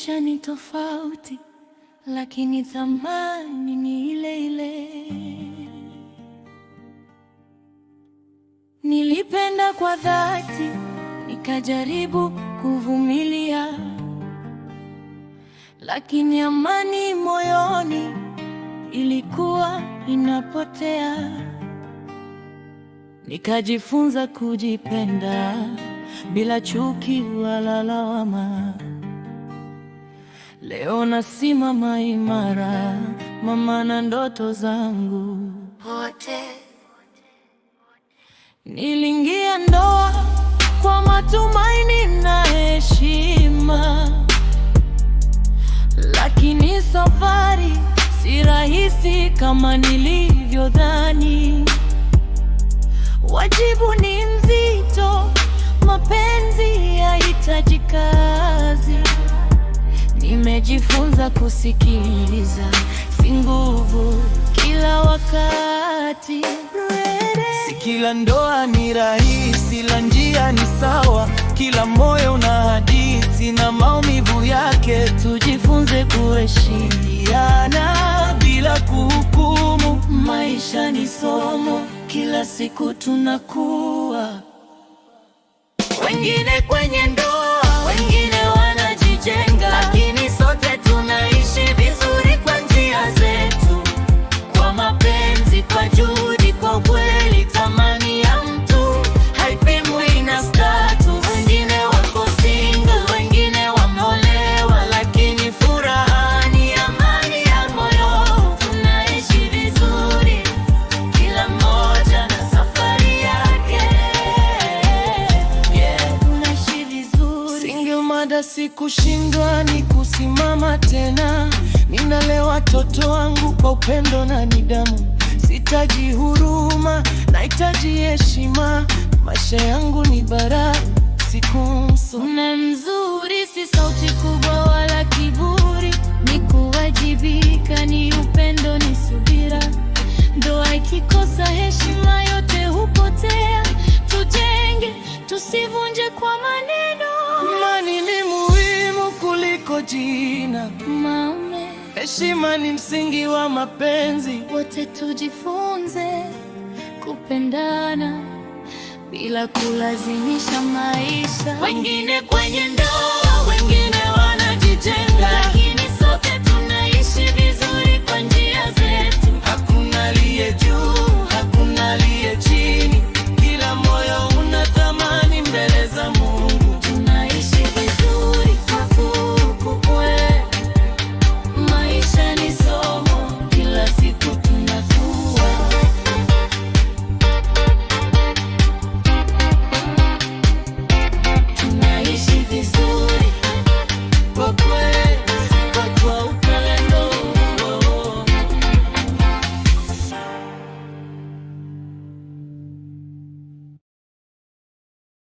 Maisha ni tofauti, lakini thamani ni ile ile. Nilipenda kwa dhati, nikajaribu kuvumilia, lakini amani moyoni ilikuwa inapotea. Nikajifunza kujipenda bila chuki wala lawama. Leo nasimama imara, mama, na ndoto zangu pote. Niliingia ndoa kwa matumaini na heshima, lakini safari si rahisi kama nilivyodhani. Wajibu ni mzito Nimejifunza kusikiliza, si nguvu kila wakati. Si kila ndoa ni rahisi, la njia ni sawa. Kila moyo una hadithi na maumivu yake. Tujifunze kuheshiana bila kuhukumu. Maisha ni somo, kila siku tunakuwa wengine kwenye ndoa Baada sikushindwa ni kusimama tena, ninalea watoto wangu kwa upendo na nidhamu. Sitaji huruma, nahitaji heshima. Maisha yangu ni baraka. jina maume. Heshima ni msingi wa mapenzi, wote tujifunze kupendana bila kulazimisha maisha, wengine kwenye ndoa, wengine